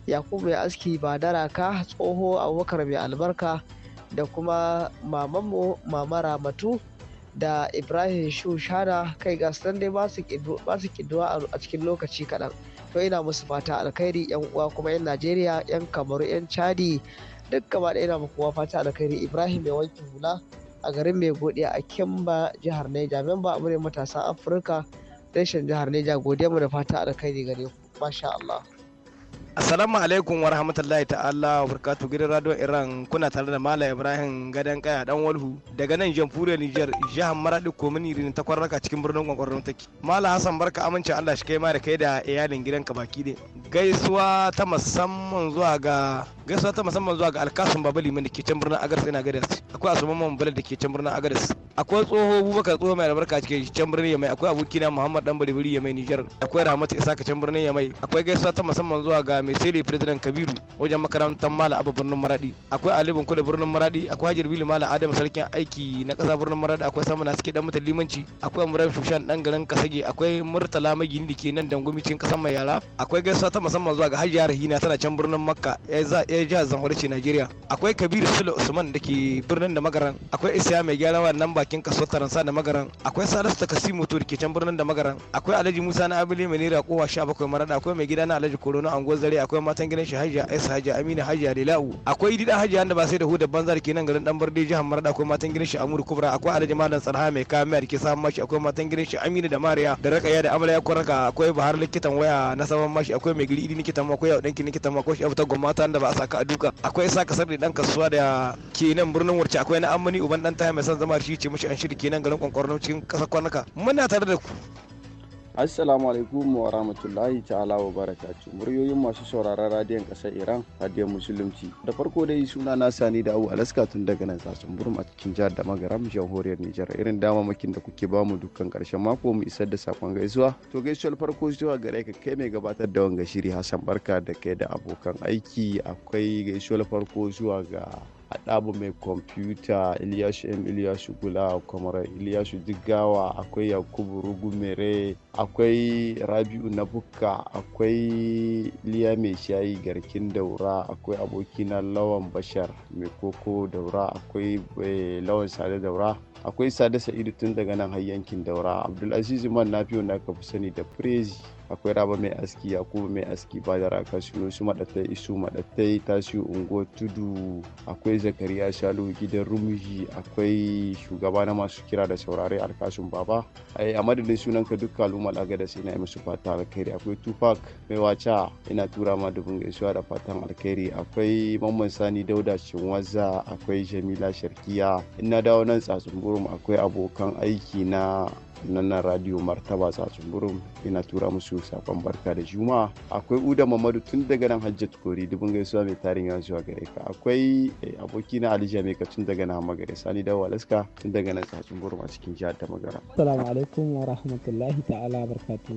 yakubu mai aski ba daraka tsoho abubakar mai albarka da kuma mamanmu mama ramatu da ibrahim shushana kai ga nan dai ba su kiduwa a cikin lokaci kaɗan to ina musu fata alkhairi yan uwa kuma yan najeriya yan kamaru yan chadi duk gaba da ina muku fata alkhairi ibrahim mai wanke hula a garin mai godiya a kimba jihar neja memba amurai matasan afirka reshen jihar Neja godiya mu da fata alkhairi gare ku masha Allah Assalamu alaikum wa rahmatullahi ta'ala wa barkatu gidan radio Iran kuna tare da Malam Ibrahim Gadan Kaya dan Walhu daga nan jamhuriyar Niger jihar Maradi komini ne ta kwarraka cikin birnin Kwankwaron take Malam Hassan barka amince Allah shi kai ma da kai da iyalin gidanka baki ne gaisuwa ta musamman zuwa ga gaisuwa ta musamman zuwa ga alkasun baba liman da ke can birnin agadas yana gadas akwai asuman man bala da ke can birnin agadas akwai tsoho bubakar tsoho mai albarka ke can birnin yamai akwai abokina muhammad dan balibiri yamai niger akwai rahmatu isa ka can birnin yamai akwai gaisuwa ta musamman zuwa ga mai sele president kabiru wajen makarantar mala abu birnin maradi akwai alibin kudu birnin maradi akwai hajar bilu mala adam sarkin aiki na kasa birnin maradi akwai na suke dan mutan limanci akwai murar shushan dan garin kasage akwai murtala magini da ke nan dangumicin kasan mai yara akwai gaisuwa ta musamman zuwa ga hajiya rahina tana can birnin makka ya na jihar Zamfara ce Najeriya. Akwai Kabir Sule Usman da ke birnin da magaran. Akwai Isiya mai wa wannan bakin kaso Taransa da magaran. Akwai Salisu Takasimu to da ke can birnin da magaran. Akwai Alhaji Musa na Abili mai naira kowa 17 marada. Akwai mai gida na Alhaji Koro na Angon Zare. Akwai matan gidan shi Hajiya Aisha Hajiya Amina Hajiya Lela'u. Akwai Dida Hajiya da ba sai da hu da banza da ke nan garin Dan Barde jihar Marada. Akwai matan gidan shi Amuru Kubra. Akwai Alhaji Malam Sarha mai kamiyar ke samun mashi. Akwai matan gidan shi Amina da Mariya da Rakaya da Amarya Kuraka. Akwai Bahar likitan waya na saman mashi. Akwai mai idi likitan ma akwai Yaudanki likitan ma akwai shi Abuta gwamnati ta da ba a sa ka a duka akwai sa kasar da dan kasuwa da ke nan birnin wurce akwai na amani uban dan taya mai san zama shi ce mishi an shiri kenan garin kwankwarno cikin kasar kwanaka muna tare da ku Assalamu alaikum wa rahmatullahi ta'ala wa barakatuh. Muryoyin masu sauraron radiyon kasar Iran, radiyon Musulunci. Da farko dai suna na Sani da Abu Alaska tun daga nan sasun burum a cikin jihar da magaram jamhuriyar Nijar. Irin dama makin da kuke bamu dukkan karshen mako mu isar da sakon gaisuwa. To gaisuwar farko zuwa gare ka kai mai gabatar da wanga shiri Hassan Barka da kai da abokan aiki akwai gaisuwar farko zuwa ga a ɗabu mai kwamfuta ilyasu m ilyasu gula kamar ilyashu digawa akwai yakubu rugumere akwai rabi'u na bukka akwai liya mai shayi garkin daura akwai abokina lawan bashar mai koko daura akwai eh, lawan sade daura akwai sade sa'idu tun daga nan har yankin daura abdulaziz man na fiye na ka sani da prezi akwai raba mai aski yakubu mai aski bada raka su madatai isu ta tashi ungo tudu akwai zakariya shalu gidan rumuji akwai shugaba na masu kira da saurare alkashin baba a madadin sunanka duk kaluma daga da sai na yi musu fata alkhairi akwai tupac mai wacha ina tura ma dubin gaisuwa da fatan alkhairi akwai mamman sani dauda waza. akwai jamila sharkiya ina dawo nan tsatsun burum akwai abokan aiki na nan radiyo radio martaba tsatsun ina tura musu sakon barka da juma'a akwai uda mamadu tun daga nan hajjat kori dubin gaisuwa mai tarin yawan zuwa gare ka akwai eh, aboki na alija mai tun daga nan magare sani dawa walaska tun daga nan tsatsun burum a cikin jihar da magara assalamu alaikum wa rahmatullahi ta'ala barkatu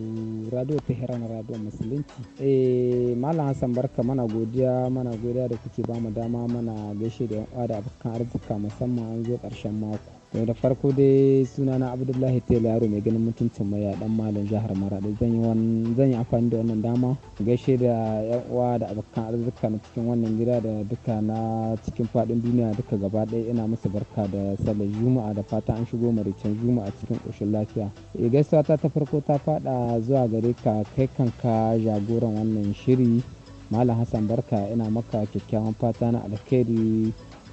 radio tehran radio musulunci eh malam hassan barka mana godiya mana godiya da kuke bamu dama mana gaishe da yan uwa da abokan arzika musamman an zo karshen mako yau da farko dai sunana abdullahi tela yaro mai ganin mutuncin mai dan malam jihar maradi zan yi amfani da wannan dama gaishe da yan uwa da abokan arzika na cikin wannan gida da duka na cikin fadin duniya duka gaba ɗaya ina musu barka da sallar juma'a da fata an shigo maricin juma'a cikin ƙoshin lafiya e gaisuwa ta ta farko ta faɗa zuwa gare ka kai kanka jagoran wannan shiri malam hassan barka ina maka kyakkyawan fata na alkhairi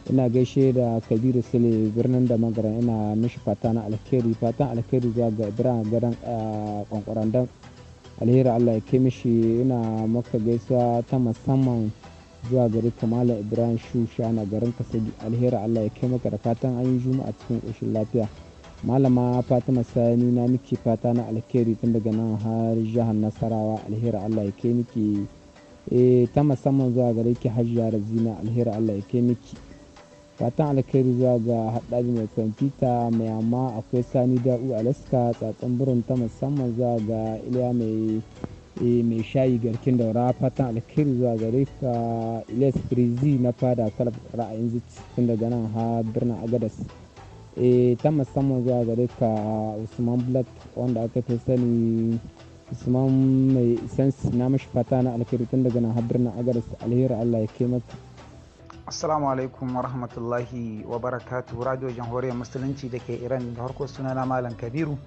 ina gaishe da kabiru sule birnin da magaran ina mishi fata na alkhairi fatan alkhairi zuwa ga ibrahim gadon kwankwaran dan alheri allah ya ke mishi ina maka gaisuwa ta musamman zuwa gari kamala ibrahim shusha na garin kasagi alheri allah ya ke maka da fatan an yi juma'a cikin ƙoshin lafiya malama fatima sani na miki fata na alkhairi tun daga nan har jihar nasarawa alheri allah ya ke miki eh, ta musamman zuwa gari ki hajjiyar zina alheri allah ya ke miki fatan alkhairu zuwa ga haɗari mai kwamfuta mai amma akwai sani da'u alaska tsatsan burin ta musamman zuwa ga iliya mai eh, mai shayi garkin daura fatan alkhairu zuwa ga ka iliya frizi na fada kalab ra'ayin zuci daga nan ha birnin agadas eh, ta musamman zuwa ga ka usman blad wanda aka fi sani usman mai isansi na mashi fata na alkhairu tun daga nan ha birnin agadas alheri allah ya kai mata. assalamu alaikum wa rahmatullahi wa barakatu radio jamhuriyar musulunci da ke iran da harko sunana malam kabiru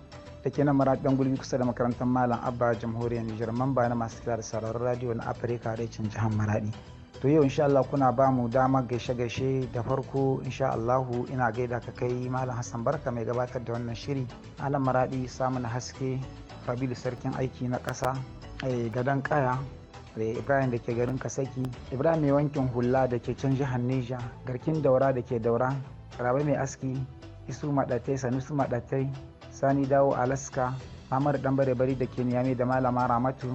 da ke nan ɗan gulbi kusa da makarantar malam abba jamhuriyar nijar mamba na masu kira da sauraron radio na afirka da cin jihar maraɗi to yau insha Allah kuna ba mu dama gaishe gaishe da farko insha Allah ina gaida ka kai malam hassan barka mai gabatar da wannan shiri alam maraɗi samun haske Rabi sarkin aiki na ƙasa eh, gadan kaya da eh, ibrahim da ke garin kasaki ibrahim mai wankin hula da ke can jihar nija garkin daura da ke daura rabe mai aski isu maɗatai sanusu maɗatai sani dawo alaska mamar dan bare-bari da ke niyame da malama ramatu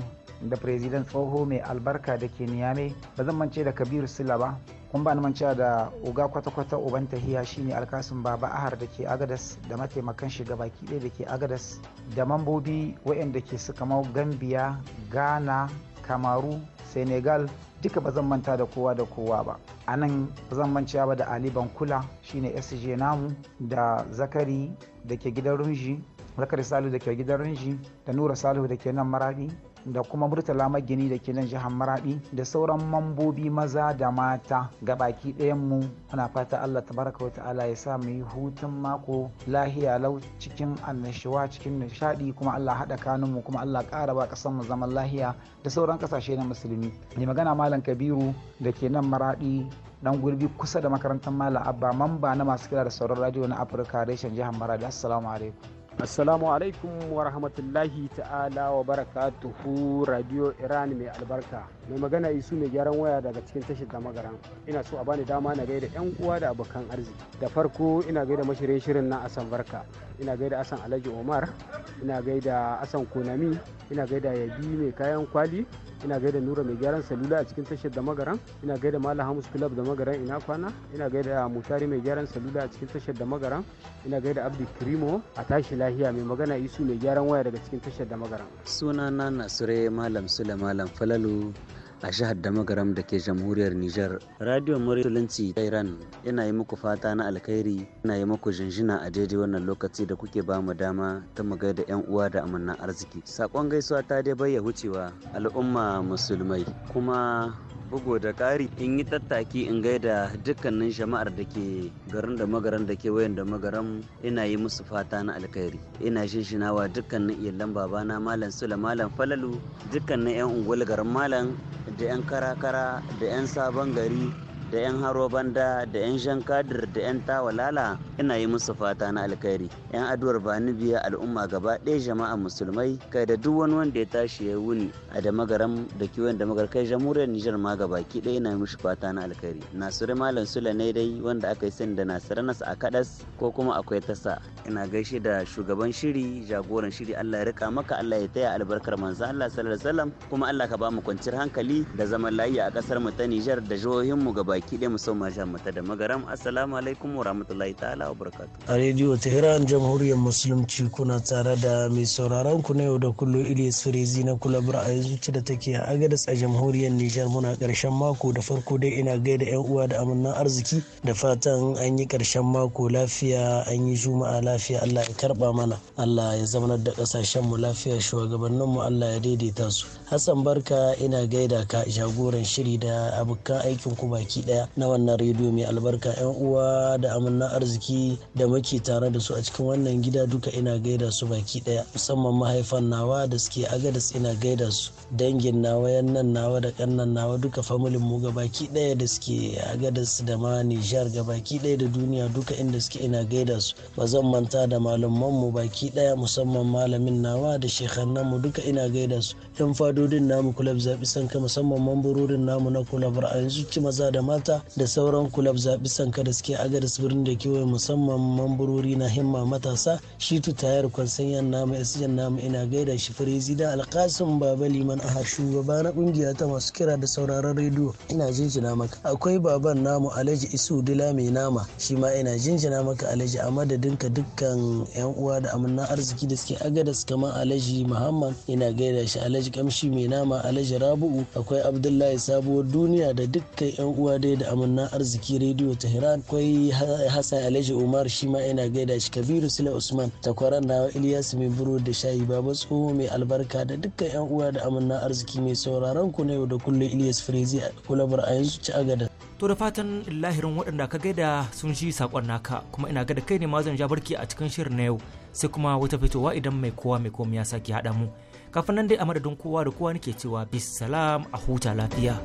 da president tsoho mai albarka da ke niyame ba zan mance da kabiru sila ba kun ba mance da uga kwata-kwata uban tahiya shine alkasun baba ahar da ke agadas da mataimakan shiga baki ɗaya da ke agadas da mambobi waɗanda ke suka mau gambiya ghana kamaru senegal duka ba manta da kowa da kowa ba a nan ba zan manta ba da ali bankula shine sg namu da zakari da ke gidan runji zakari salu da ke gidan runji da nura salu da ke nan maradi da kuma murtala magini da ke nan jihar maraɗi. da sauran mambobi maza da mata ga baki ɗayan mu muna fata allah tabaraka wa ta'ala ya sa mu yi hutun mako lahiya lau cikin annashuwa cikin nishadi kuma allah haɗa kanun mu kuma allah ƙara ba ƙasar mu zaman lahiya da sauran ƙasashe na musulmi ne magana malam kabiru da ke nan maraɗi. dan gurbi kusa da makarantar malam abba mamba na masu kira da sauran radio na afirka reshen jihar maraɗi. assalamu alaikum Assalamu alaikum wa rahmatullahi ta'ala wa barakatuhu Radio Iran mai albarka. Mai magana isu mai gyaran waya daga cikin tashar da magaran. Ina so a bani dama na gaida yan uwa da abokan arziki. Da farko ina gaida mashirin shirin na Asan Barka. Ina gaida Asan Alhaji Omar. Ina gaida Asan Konami. Ina gaida Yabi mai kayan kwali. ina gaida nura mai gyaran salula a cikin tashar da magaran ina gaida malam hamus club da magaran ina kwana ina gaida mutari mai gyaran salula a cikin tashar da magaran ina gaida abdi krimo a tashi lahiya mai magana isu mai gyaran waya daga cikin tashar da magaran sunana nasure malam sule malam falalu a jihar Damagaram da ke jamhuriyar Nijar. Radio Musulunci ta Iran yana yi muku fata na alkhairi yana yi muku jinjina a daidai wannan lokaci da kuke ba mu dama ta mu gaida yan uwa da amanna arziki. Saƙon gaisuwa ta dai bayya wucewa al'umma musulmai kuma bugu da ƙari in yi tattaki in gaida dukkanin jama'ar da ke garin da magaran da ke wayan da magaran ina yi musu fata na alkhairi ina shinshinawa dukkanin iyalan babana malam sula malam falalu dukkanin yan ungul garin malam da yan karakara da yan sabon gari da 'yan haro banda da 'yan shan kadir da 'yan tawalala ina yi musu fata na alkhairi 'yan aduwar bani biya al'umma gaba ɗaya jama'a musulmai kai da duk wani wanda ya tashi ya wuni a da magaram da kiwon da magar kai jamhuriyar nijar ma ki ɗaya ina yi musu fata na alkhairi nasiru malam sula ne dai wanda aka yi sani da nasiru nasa a kadas ko kuma akwai tasa ina gaishe da shugaban shiri jagoran shiri allah ya rika maka allah ya taya albarkar manzo allah sallallahu alaihi kuma allah ka ba mu kwanciyar hankali da zaman lafiya a kasar mu ta nijar da jihohin mu gaba baki da musamman mata da magaram assalamu alaikum wa rahmatullahi ta'ala wa barakatu. a rediyo tehran jamhuriyar musulunci kuna tare da mai sauraron ku na yau da kullun ilyas firizi na kulabar a yanzu da take a agadas a jamhuriyar nijar muna karshen mako da farko dai ina gaida yan uwa da amannan arziki da fatan an yi karshen mako lafiya an yi juma'a lafiya allah ya karba mana allah ya zama da kasashen mu lafiya shugabannin allah ya daidaita su Hassan Barka ina gaida ka jagoran shiri da abokan aikin ku baki daya na wannan rediyo mai albarka yan uwa da amanna arziki da muke tare da su a cikin wannan gida duka ina gaida su baki daya musamman mahaifan nawa da suke agadas ina gaida su dangin nawa yannan nawa da kannan nawa duka familin mu ga baki daya da suke agadas da ma Nijar ga baki daya da duniya duka inda suke ina gaida su ba zan manta da malaman mu baki daya musamman malamin nawa da shekhan mu duka ina gaida su yan kadodin namu kulab zaɓi sanka musamman mambarorin namu na a yanzu ci maza da mata da sauran kulab zaɓi sanka da suke agaris birnin da kewaye musamman mambarori na himma matasa shi tayar kwansanyan namu yan namu ina gaida shi firizi da alkasim baba liman shugaba na kungiya ta masu kira da sauraron rediyo ina jinjina maka akwai baban namu alhaji isu dila mai nama shi ma ina jinjina maka alhaji a madadinka dukkan yan uwa da amanna arziki da suke agadas kamar alhaji muhammad ina gaida shi alhaji kamshi mai nama Alhaji Rabu'u akwai Abdullahi Sabuwar Duniya da dukkan 'yan uwa dai da amanna arziki rediyo Tehran akwai Hassan Alhaji Umar shi ma yana gaida shi Kabiru Sule Usman takwaran nawa Ilyas mai buru da shayi Baba Tsoho mai albarka da dukkan 'yan uwa da amanna arziki mai sauraron ku na yau da kullum Ilyas Frezi a kulabar a yanzu ci agada. To da fatan lahirin waɗanda ka gaida sun ji saƙon naka kuma ina ga da kai ne mazan zan ja barki a cikin shirin na yau sai kuma wata fitowa idan mai kowa mai komai ya sake haɗa mu. kafin nan dai a madadin kowa da kowa nake cewa bis salam a huta lafiya.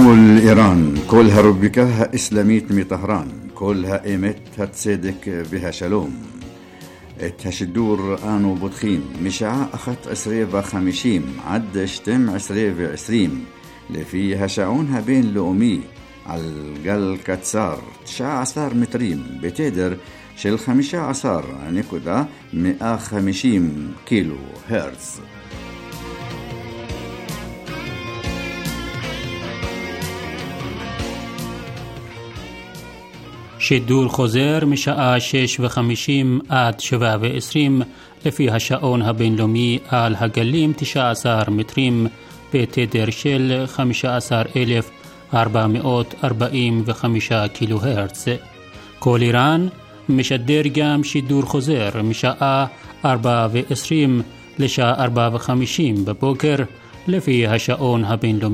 جمل إيران كلها ربكها إسلاميت مي طهران كلها إيمت هتصدق بها شلوم تشدور آنو بطخين مشاع أخط عسرية وخمشيم عد شتم عسرية وعسريم لفيها هشعونها بين لؤمي على قل كتسار تشاع عصار متريم بتدر شل خمشة عسار نكودا مئة خمشيم كيلو هرتز שידור חוזר משעה 6 ו-50 עד 7 ו לפי השעון הבינלאומי על הגלים 19 מטרים בתדר של 15,445 קילו הרץ. כל איראן משדר גם שידור חוזר משעה 4 ו-20 לשעה 4 ו-50 בבוקר לפי השעון הבינלאומי